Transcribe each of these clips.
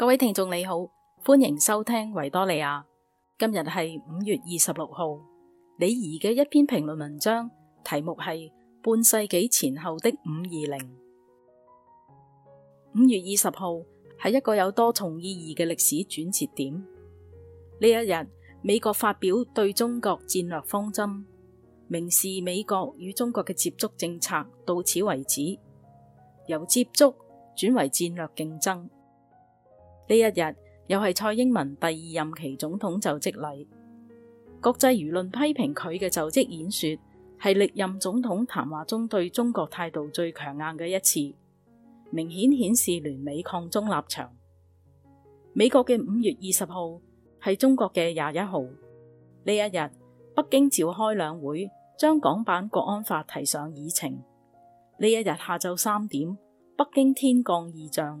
各位聽眾你好，歡迎收聽維多利亞。今日係五月二十六號，李怡嘅一篇評論文章，題目係半世紀前後的五二零。五月二十號係一個有多重意義嘅歷史轉折點。呢一日，美國發表對中國戰略方針，明示美國與中國嘅接觸政策到此為止，由接觸轉為戰略競爭。呢一日又係蔡英文第二任期總統就職禮，國際輿論批評佢嘅就職演說係歷任總統談話中對中國態度最強硬嘅一次，明顯顯示聯美抗中立場。美國嘅五月二十號係中國嘅廿一號，呢一日北京召開兩會，將港版國安法提上議程。呢一日下晝三點，北京天降異象。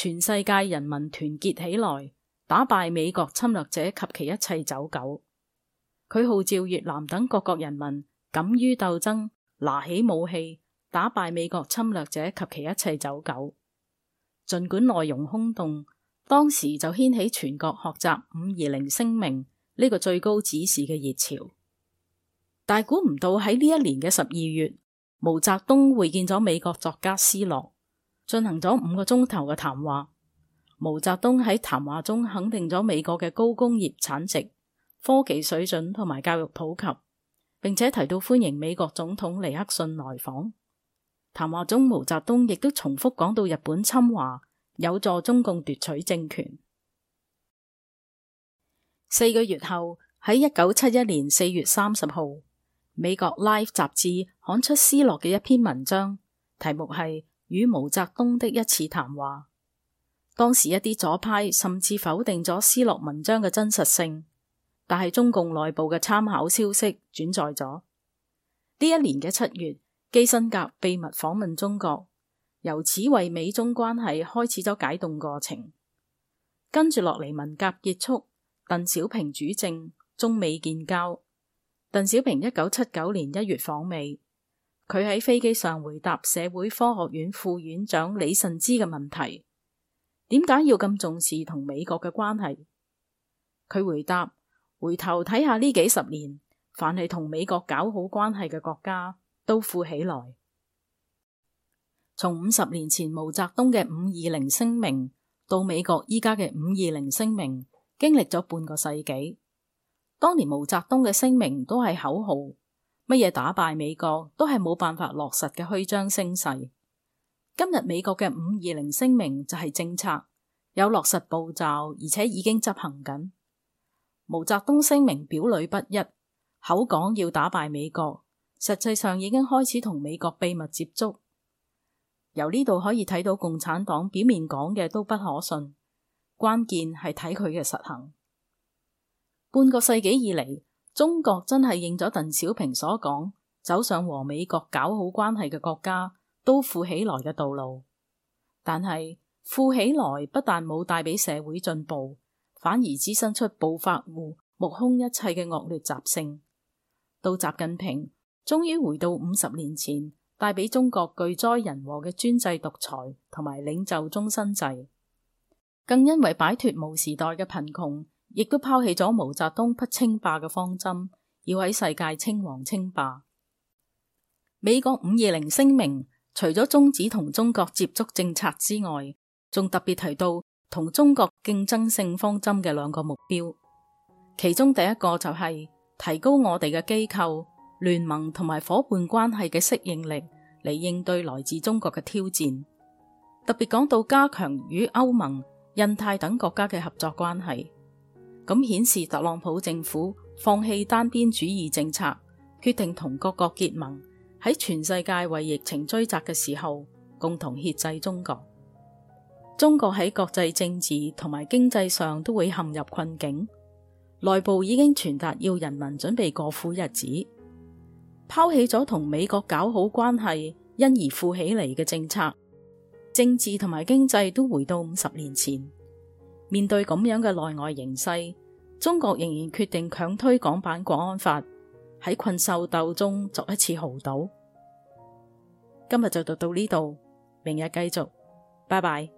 全世界人民團結起來，打敗美國侵略者及其一切走狗。佢號召越南等各國人民敢於鬥爭，拿起武器，打敗美國侵略者及其一切走狗。儘管內容空洞，當時就掀起全國學習《五二零聲明》呢個最高指示嘅熱潮。但估唔到喺呢一年嘅十二月，毛澤東會見咗美國作家斯諾。進行咗五個鐘頭嘅談話，毛澤東喺談話中肯定咗美國嘅高工業產值、科技水準同埋教育普及，並且提到歡迎美國總統尼克遜來訪。談話中，毛澤東亦都重複講到日本侵華有助中共奪取政權。四個月後，喺一九七一年四月三十號，美國《Life》雜誌刊出斯諾嘅一篇文章，題目係。與毛澤東的一次談話，當時一啲左派甚至否定咗斯諾文章嘅真實性，但係中共內部嘅參考消息轉載咗。呢一年嘅七月，基辛格秘密訪問中國，由此為美中關係開始咗解凍過程。跟住落嚟，文革結束，鄧小平主政，中美建交。鄧小平一九七九年一月訪美。佢喺飛機上回答社會科學院副院長李慎之嘅問題：點解要咁重視同美國嘅關係？佢回答：回頭睇下呢幾十年，凡係同美國搞好關係嘅國家都富起來。從五十年前毛澤東嘅五二零聲明到美國依家嘅五二零聲明，經歷咗半個世紀。當年毛澤東嘅聲明都係口號。乜嘢打敗美國都係冇辦法落實嘅虛張聲勢。今日美國嘅五二零聲明就係政策，有落實步驟，而且已經執行緊。毛澤東聲明表裏不一，口講要打敗美國，實際上已經開始同美國秘密接觸。由呢度可以睇到共產黨表面講嘅都不可信，關鍵係睇佢嘅實行。半個世紀以嚟，中國真係應咗鄧小平所講，走上和美國搞好關係嘅國家都富起來嘅道路，但係富起來不但冇帶俾社會進步，反而滋生出暴發戶目空一切嘅惡劣習性。到習近平終於回到五十年前，帶俾中國巨災人禍嘅專制獨裁同埋領袖終身制，更因為擺脫毛時代嘅貧窮。亦都拋棄咗毛澤東不稱霸嘅方針，要喺世界稱王稱霸。美國五二零聲明除咗終止同中國接觸政策之外，仲特別提到同中國競爭性方針嘅兩個目標，其中第一個就係提高我哋嘅機構聯盟同埋伙伴關係嘅適應力，嚟應對來自中國嘅挑戰。特別講到加強與歐盟、印太等國家嘅合作關係。咁顯示特朗普政府放棄單邊主義政策，決定同各國結盟，喺全世界為疫情追責嘅時候，共同遏制中國。中國喺國際政治同埋經濟上都會陷入困境，內部已經傳達要人民準備過苦日子，拋棄咗同美國搞好關係，因而富起嚟嘅政策，政治同埋經濟都回到五十年前。面對咁樣嘅內外形勢，中國仍然決定強推港版國安法，喺困獸鬥中作一次豪賭。今日就讀到呢度，明日繼續，拜拜。